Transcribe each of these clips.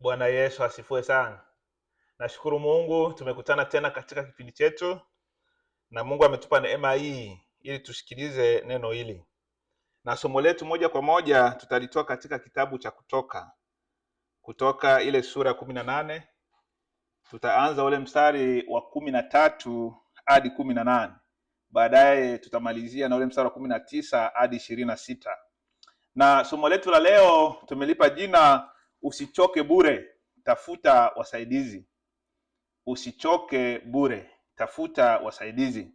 Bwana Yesu asifue sana. Nashukuru Mungu tumekutana tena katika kipindi chetu na Mungu ametupa neema hii ili tusikilize neno hili. Na somo letu moja kwa moja tutalitoa katika kitabu cha Kutoka. Kutoka ile sura kumi na nane tutaanza ule mstari wa kumi na tatu hadi kumi na nane baadaye tutamalizia na ule mstari wa kumi na tisa hadi ishirini na sita na somo letu la leo tumelipa jina Usichoke bure, tafuta wasaidizi. Usichoke bure, tafuta wasaidizi.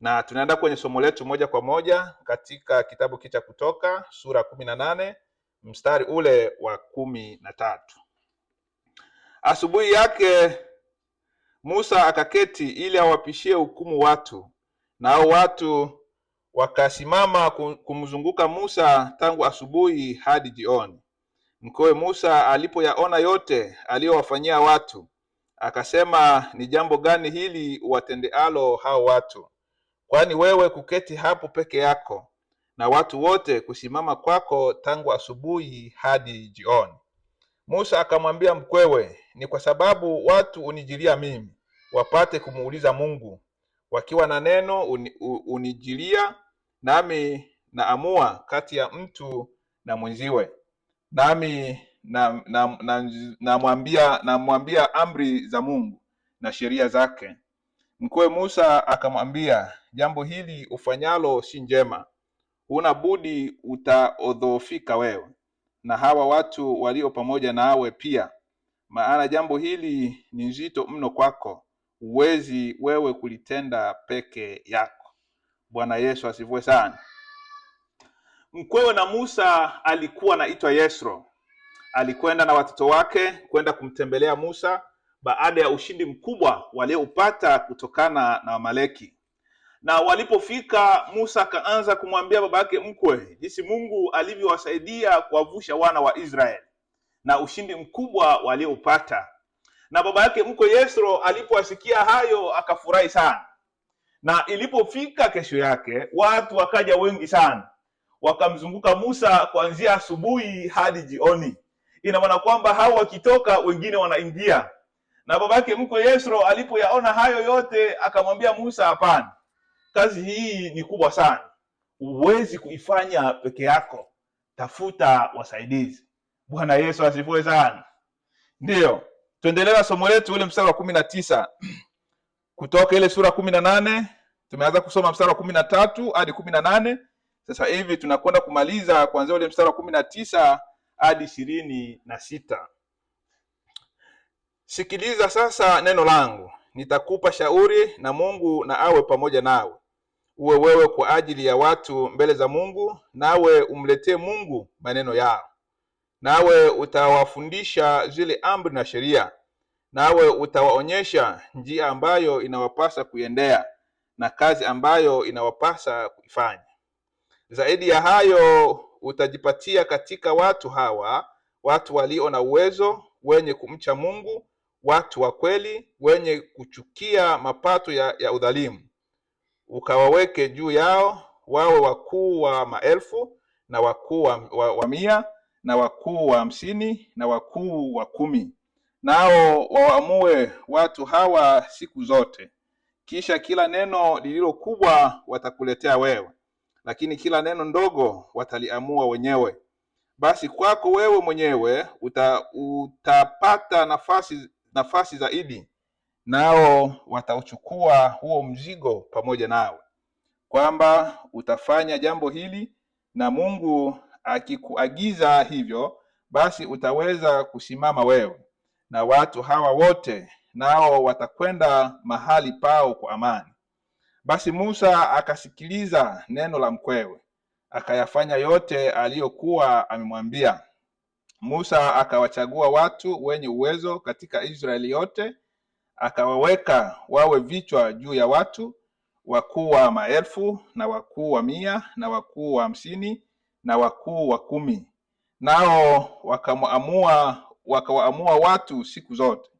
Na tunaenda kwenye somo letu moja kwa moja katika kitabu cha Kutoka sura kumi na nane mstari ule wa kumi na tatu. Asubuhi yake Musa akaketi ili awapishie hukumu watu, nao watu wakasimama kumzunguka Musa tangu asubuhi hadi jioni. Mkwe Musa alipoyaona yote aliyowafanyia watu, akasema, ni jambo gani hili watendealo hao watu? Kwani wewe kuketi hapo peke yako na watu wote kusimama kwako tangu asubuhi hadi jioni. Musa akamwambia mkwewe, ni kwa sababu watu unijilia mimi, wapate kumuuliza Mungu. Wakiwa na neno unijilia, nami naamua kati ya mtu na mwenziwe nami namwambia na, na, na namwambia amri za Mungu na sheria zake. Mkwe Musa akamwambia, jambo hili ufanyalo si njema, huna budi utaodhoofika wewe na hawa watu walio pamoja nawe pia, maana jambo hili ni nzito mno kwako, uwezi wewe kulitenda peke yako. Bwana Yesu asivue sana. Mkwewe na Musa alikuwa anaitwa Yesro. Alikwenda na watoto wake kwenda kumtembelea Musa baada ya ushindi mkubwa walioupata kutokana na Wamaleki. Na walipofika, Musa akaanza kumwambia baba yake mkwe jinsi Mungu alivyowasaidia kuwavusha wana wa Israeli na ushindi mkubwa walioupata. Na baba yake mkwe Yesro alipowasikia hayo akafurahi sana, na ilipofika kesho yake watu wakaja wengi sana wakamzunguka Musa kuanzia asubuhi hadi jioni. Ina maana kwamba hao wakitoka wengine wanaingia. Na babake mkwe Yesro alipoyaona hayo yote akamwambia Musa, hapana, kazi hii ni kubwa sana, huwezi kuifanya peke yako, tafuta wasaidizi. Bwana Yesu asifiwe sana. Ndiyo, tuendelee na somo letu, ule mstari wa kumi na tisa kutoka ile sura kumi na nane tumeanza kusoma mstari wa kumi na tatu hadi kumi na nane sasa hivi tunakwenda kumaliza kuanzia ule mstari wa kumi na tisa hadi ishirini na sita. Sikiliza sasa neno langu, nitakupa shauri, na Mungu na awe pamoja nawe. Uwe wewe kwa ajili ya watu mbele za Mungu, nawe umletee Mungu maneno yao, nawe utawafundisha zile amri na sheria, nawe utawaonyesha njia ambayo inawapasa kuiendea na kazi ambayo inawapasa kuifanya zaidi ya hayo, utajipatia katika watu hawa watu walio na uwezo, wenye kumcha Mungu, watu wa kweli, wenye kuchukia mapato ya, ya udhalimu. Ukawaweke juu yao wawe wakuu wa maelfu na wakuu wa, wa, wa mia na wakuu wa hamsini na wakuu wa kumi nao waamue watu hawa siku zote. Kisha kila neno lililo kubwa watakuletea wewe, lakini kila neno ndogo wataliamua wenyewe. Basi kwako wewe mwenyewe uta, utapata nafasi nafasi zaidi, nao watauchukua huo mzigo pamoja nawe, kwamba utafanya jambo hili, na Mungu akikuagiza hivyo, basi utaweza kusimama wewe na watu hawa wote, nao watakwenda mahali pao kwa amani. Basi Musa akasikiliza neno la mkwewe, akayafanya yote aliyokuwa amemwambia. Musa akawachagua watu wenye uwezo katika Israeli yote, akawaweka wawe vichwa juu ya watu, wakuu wa maelfu na wakuu wa mia na wakuu wa hamsini na wakuu wa kumi, nao wakamwamua wakawaamua watu siku zote.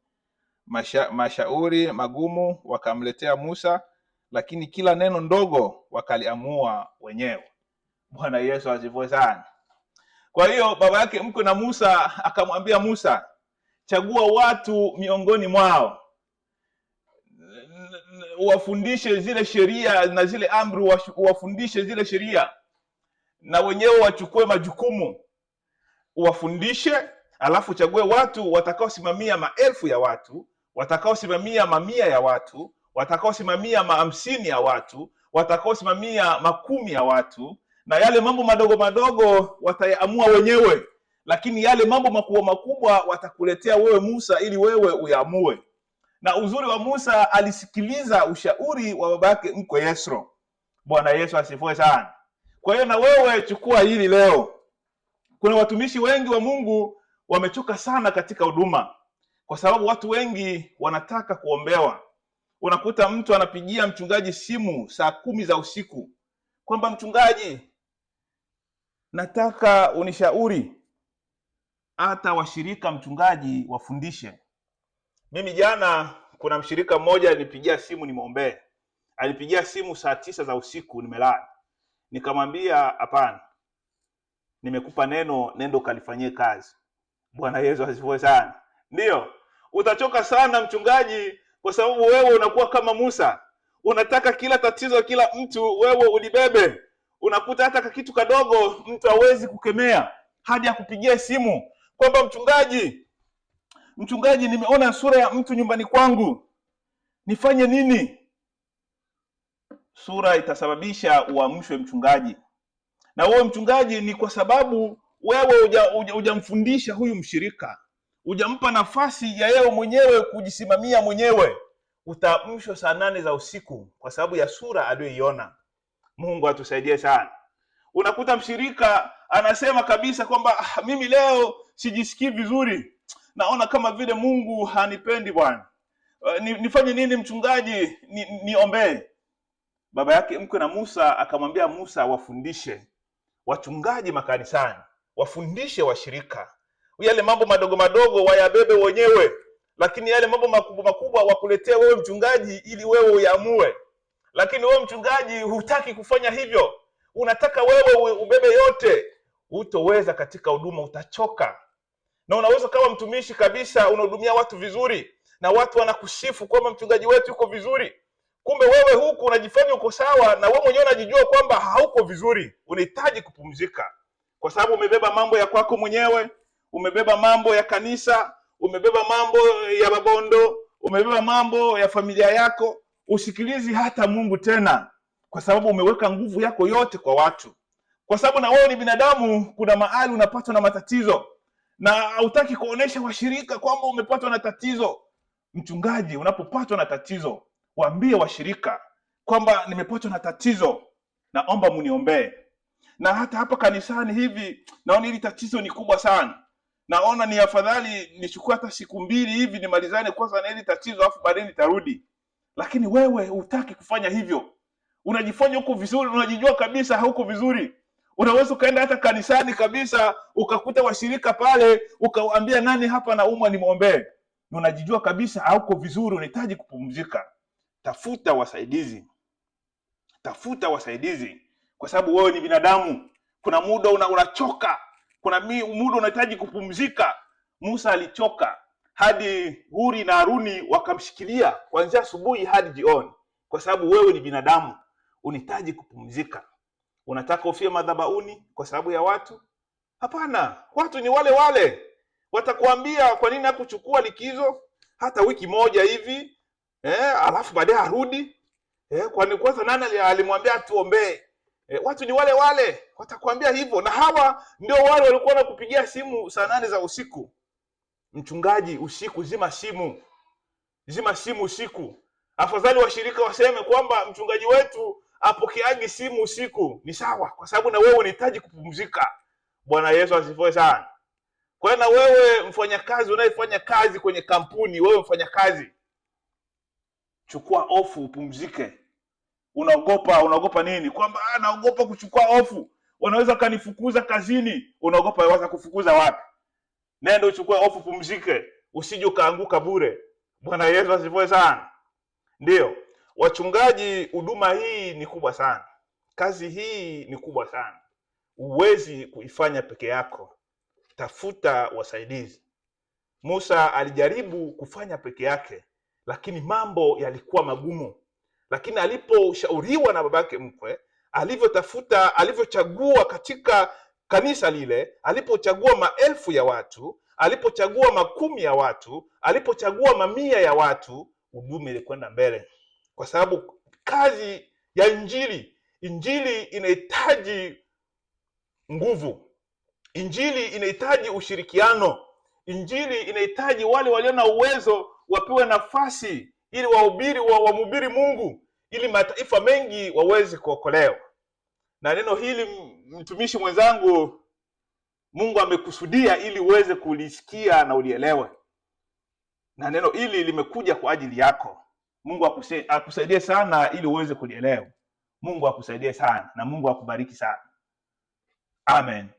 Masha, mashauri magumu wakamletea Musa lakini kila neno ndogo wakaliamua wenyewe. Bwana Yesu azivue sana. Kwa hiyo baba yake mkwe na Musa akamwambia Musa, chagua watu miongoni mwao uwafundishe zile sheria na zile amri, uwafundishe zile sheria na wenyewe wachukue majukumu, uwafundishe. Alafu chague watu watakaosimamia maelfu ya watu, watakaosimamia mamia ya watu, watakaosimamia mahamsini ya watu, watakaosimamia makumi ya watu, na yale mambo madogo madogo watayaamua wenyewe, lakini yale mambo makubwa makubwa watakuletea wewe Musa ili wewe uyaamue. Na uzuri wa Musa, alisikiliza ushauri wa baba yake mkwe Yesro. Bwana Yesu asifue sana. Kwa hiyo na wewe chukua hili leo. Kuna watumishi wengi wa Mungu wamechoka sana katika huduma, kwa sababu watu wengi wanataka kuombewa, unakuta mtu anapigia mchungaji simu saa kumi za usiku kwamba mchungaji, nataka unishauri hata washirika mchungaji wafundishe. Mimi jana, kuna mshirika mmoja alinipigia simu nimwombee, alipigia simu saa tisa za usiku, nimelala. Nikamwambia hapana, nimekupa neno, nendo kalifanyie kazi. Bwana Yesu asifiwe sana. Ndiyo, utachoka sana mchungaji kwa sababu wewe unakuwa kama Musa, unataka kila tatizo, kila mtu wewe ulibebe. Unakuta hata kitu kadogo mtu hawezi kukemea hadi akupigie simu kwamba mchungaji, mchungaji, nimeona sura ya mtu nyumbani kwangu, nifanye nini? Sura itasababisha uamshwe mchungaji, na wewe mchungaji, ni kwa sababu wewe hujamfundisha huyu mshirika hujampa nafasi ya yeye mwenyewe kujisimamia mwenyewe, utaamshwa saa nane za usiku kwa sababu ya sura aliyoiona. Mungu atusaidie sana. Unakuta mshirika anasema kabisa kwamba ah, mimi leo sijisikii vizuri, naona kama vile Mungu hanipendi bwana. Uh, nifanye nini mchungaji? Niombee ni baba yake mkwe na Musa akamwambia Musa, wafundishe wachungaji makanisani, wafundishe washirika yale mambo madogo madogo wayabebe wenyewe, lakini yale mambo makubwa makubwa wakuletee wewe mchungaji, ili wewe uyaamue. Lakini wewe mchungaji hutaki kufanya hivyo, unataka wewe ubebe yote. Hutoweza katika huduma, utachoka. Na unaweza kama mtumishi kabisa, unahudumia watu vizuri na watu wanakusifu kwamba mchungaji wetu yuko vizuri, kumbe wewe huku unajifanya uko sawa, na wewe mwenyewe unajijua kwamba hauko vizuri. Unahitaji kupumzika, kwa sababu umebeba mambo ya kwako mwenyewe umebeba mambo ya kanisa, umebeba mambo ya Babondo, umebeba mambo ya familia yako, usikilizi hata Mungu tena, kwa sababu umeweka nguvu yako yote kwa watu, kwa sababu na wewe ni binadamu. Kuna mahali unapatwa na matatizo na hautaki kuonesha washirika kwamba umepatwa na tatizo. Mchungaji, unapopatwa na tatizo, waambie washirika kwamba nimepatwa na tatizo, naomba muniombee. Na hata hapa kanisani hivi, naona hili tatizo ni kubwa sana, naona ni afadhali nichukue hata siku mbili hivi nimalizane kwanza na hili tatizo, afu baadaye nitarudi. Lakini wewe hutaki kufanya hivyo, unajifanya huko vizuri, unajijua kabisa hauko vizuri. Unaweza ukaenda hata kanisani kabisa ukakuta washirika pale, ukawaambia nani hapa na umwa nimwombee. Unajijua kabisa hauko vizuri, unahitaji kupumzika. Tafuta wasaidizi, tafuta wasaidizi, kwa sababu wewe ni binadamu. Kuna muda unachoka, una kuna muda unahitaji kupumzika. Musa alichoka hadi Huri na Haruni wakamshikilia kuanzia asubuhi hadi jioni, kwa sababu wewe ni binadamu, unahitaji kupumzika. Unataka ufie madhabauni kwa sababu ya watu? Hapana, watu ni wale wale, watakuambia kwa nini hakuchukua likizo hata wiki moja hivi eh, alafu baadaye arudi eh, kwani kwanza nani alimwambia tuombee? E, watu ni wale wale, watakwambia hivyo. Na hawa ndio wale walikuwa wanakupigia simu saa nane za usiku, mchungaji, usiku zima simu, zima simu usiku. Afadhali washirika waseme kwamba mchungaji wetu apokeagi simu usiku, ni sawa, kwa sababu na wewe unahitaji kupumzika. Bwana Yesu asifiwe sana. Kwa na wewe mfanyakazi unayefanya kazi kwenye kampuni, wewe mfanyakazi, chukua ofu, upumzike. Unaogopa, unaogopa nini? Kwamba ah, naogopa kuchukua hofu, wanaweza kanifukuza kazini. Unaogopa waza kufukuza wapi? Nenda uchukue hofu, pumzike, usije ukaanguka bure. Bwana Yesu asifiwe sana. Ndiyo wachungaji, huduma hii ni kubwa sana, kazi hii ni kubwa sana, huwezi kuifanya peke yako, tafuta wasaidizi. Musa alijaribu kufanya peke yake, lakini mambo yalikuwa magumu lakini aliposhauriwa na babake mkwe, alivyotafuta, alivyochagua katika kanisa lile, alipochagua maelfu ya watu, alipochagua makumi ya watu, alipochagua mamia ya watu, huduma ilikwenda mbele, kwa sababu kazi ya injili, injili inahitaji nguvu, injili inahitaji ushirikiano, injili inahitaji wale walio na uwezo wapewe nafasi ili wahubiri wamhubiri Mungu ili mataifa mengi waweze kuokolewa. Na neno hili mtumishi mwenzangu, Mungu amekusudia ili uweze kulisikia na ulielewe, na neno hili limekuja kwa ajili yako. Mungu akusaidie sana ili uweze kulielewa. Mungu akusaidie sana na Mungu akubariki sana. Amen.